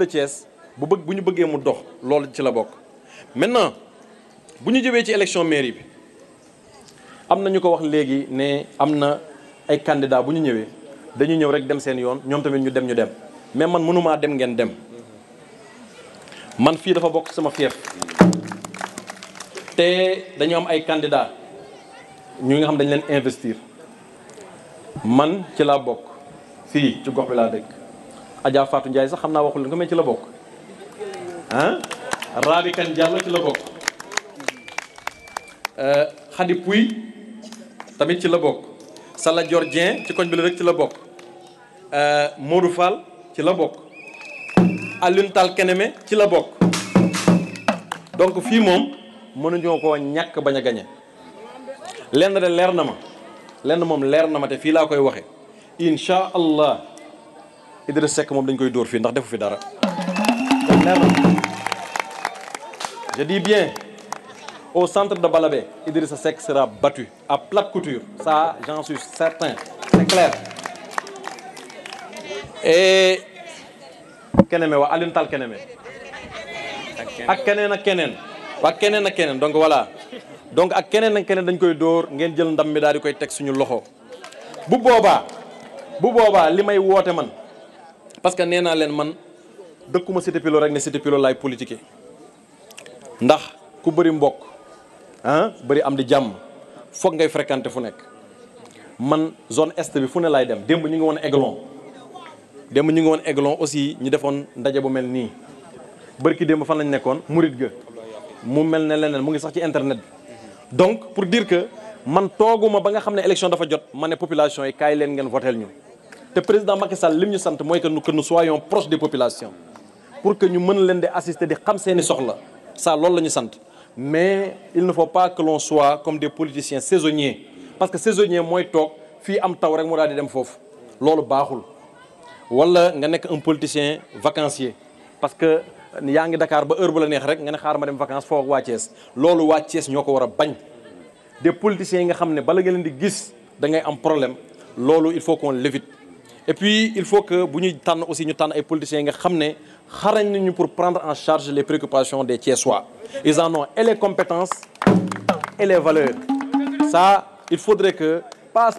de bu bëgg bu ñu bëggee mu dox loolu ci la bokk maintenant bu ñu jëwee ci élection mairie bi am na ñu ko wax léegi ne am na ay candidats bu ñu ñëwee dañu ñëw rek dem seen yoon ñoom tamit ñu dem ñu dem mais man mënumaa dem ngeen dem man fii dafa bokk sama fief te dañu am ay candidats ñu nga xam dañ leen investir man ci laa bokk fii ci gox bi laa dëkk Adja Fatou Ndiaye sax xam naa waxul leen ko mais ci la bokk ah Rabi ci la bokk euh, Khady Pouy tamit ci la bokk Sala Dior Dieng ci koñ bi la rek ci la bokk euh, Modou Fall ci la bokk Alioune Tall Keneme ci la bokk donc fii moom mënuñoo koo ñàkk bañ a gañe lenn de leer na ma lenn moom leer na ma te fii laa koy waxe incha allah Idrissa Seck moom dañ koy dóor fii ndax defu fi dara je dis bien au centre de Balabé Idrissa Seck sera battu à plate couture ça j'en suis certain c'est clair et keneme waa keneen ak keneen waa keneen ak keneen donc voilà donc ak keneen ak keneen dañ koy dóor ngeen jël ndam mi daal di koy teg suñu loxo bu boobaa bu boobaa li may woote man parce que nee naa leen man dëkkuma Cité Pilot rek ne Cité Pilot lay politiquer ndax ku bëri mbokk ah bëri am di jàmm foog ngay fréquenter fu nekk man zone est bi fu ne laay dem démb ñu ngi woon Aiglon démb ñu ngi woon Aiglon aussi ñu defoon ndaje bu mel nii bërki démb fan lañ nekkoon murit ga mu mel ne leneen mu ngi sax ci internet bi donc pour dire que man tooguma ba nga xam ne élection dafa jot ma ne population yi kaay leen ngeen voteel ñu te président Macky Sall lim ñu sant mooy que nous que nous soyons proches pour que ñu mën leen di assister di xam seeni soxla ça loolu la ñu sant mais il ne faut pas que l'on soit comme des politiciens saisonniers parce que saisonnier mooy toog fii am taw rek mu daal di dem foofu loolu baaxul wala nga nekk un politicien vacancier parce que yaa ngi Dakar ba heure bu la neex rek nga ne xaar ma dem vacances foo waa Thiès loolu waa Thiès ñoo ko war a bañ des politiciens yi nga xam ne bala nga leen di gis da am problème loolu il faut qu'on l'évite et puis il faut que bu ñuy tànn aussi ñu tànn ay politiciens nga xam ne xarañ nañu pour prendre en charge les préoccupations des Thiessois ils en ont et les compétences et les valeurs ça il faudrait que pas